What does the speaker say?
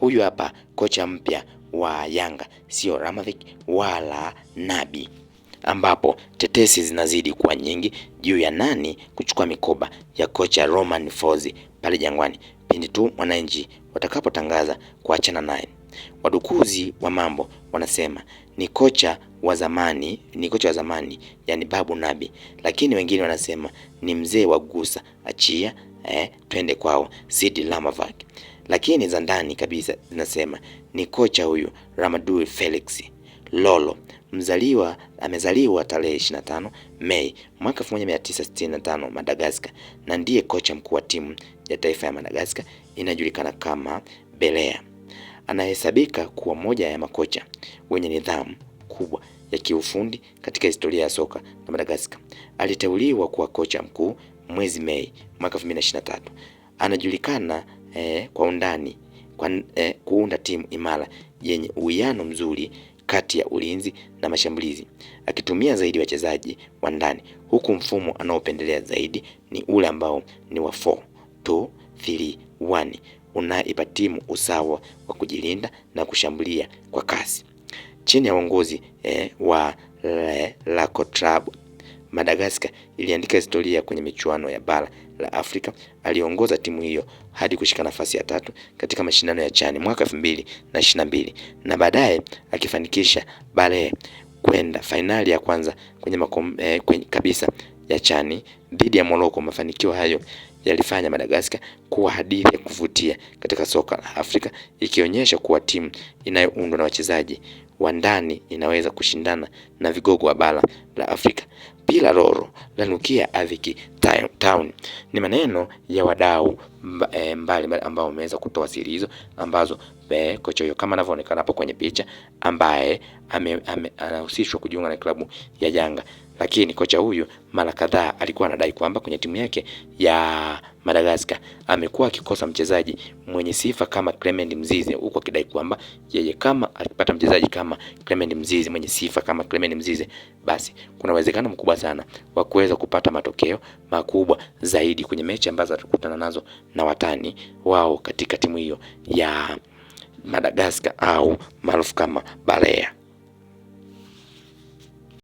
Huyu hapa kocha mpya wa Yanga sio Ramadhic wala Nabi, ambapo tetesi zinazidi kuwa nyingi juu ya nani kuchukua mikoba ya kocha Roman Fozi pale Jangwani pindi tu mwananchi watakapotangaza kuachana naye. Wadukuzi wa mambo wanasema ni kocha wa zamani, ni kocha wa zamani yani Babu Nabi, lakini wengine wanasema ni mzee wa Gusa, achia eh, twende kwao Sidi Lamavak lakini za ndani kabisa zinasema ni kocha huyu Ramadou Felix Lolo mzaliwa amezaliwa tarehe 25 Mei mwaka 1965 Madagascar, na ndiye kocha mkuu wa timu ya taifa ya Madagascar inayojulikana kama Belea. Anahesabika kuwa moja ya makocha wenye nidhamu kubwa ya kiufundi katika historia ya soka la Madagascar. Aliteuliwa kuwa kocha mkuu mwezi Mei mwaka 2023. Anajulikana eh, kwa undani kwa, eh, kuunda timu imara yenye uwiano mzuri kati ya ulinzi na mashambulizi akitumia zaidi wachezaji wa ndani, huku mfumo anaopendelea zaidi ni ule ambao ni wa 4 2 3 unaipa timu usawa wa kujilinda na kushambulia kwa kasi chini ya uongozi eh, wa eh, Lacotrab Madagascar iliandika historia kwenye michuano ya bara la Afrika aliongoza timu hiyo hadi kushika nafasi ya tatu katika mashindano ya CHAN mwaka mbili na baadaye akifanikisha Bale kwenda fainali ya kwanza kwenye makom, eh, kwenye kabisa ya CHAN dhidi ya Morocco. Mafanikio hayo yalifanya Madagascar kuwa hadithi ya kuvutia katika soka la Afrika ikionyesha kuwa timu inayoundwa na wachezaji wa ndani inaweza kushindana na vigogo wa bara la Afrika. Pila loro lanukia Avic Town ni maneno ya wadau mbalimbali eh, ambao wameweza kutoa siri hizo ambazo eh, kocha huyo kama anavyoonekana hapo kwenye picha, ambaye anahusishwa kujiunga na klabu ya Yanga, lakini kocha huyu mara kadhaa alikuwa anadai kwamba kwenye timu yake ya Madagascar amekuwa akikosa mchezaji mwenye sifa kama Clement Mzize, huku akidai kwamba yeye kama akipata mchezaji kama Clement Mzize mwenye sifa kama Clement Mzize, basi kuna uwezekano mkubwa sana wa kuweza kupata matokeo makubwa zaidi kwenye mechi ambazo atakutana nazo na watani wao katika timu hiyo ya Madagascar au maarufu kama Barea.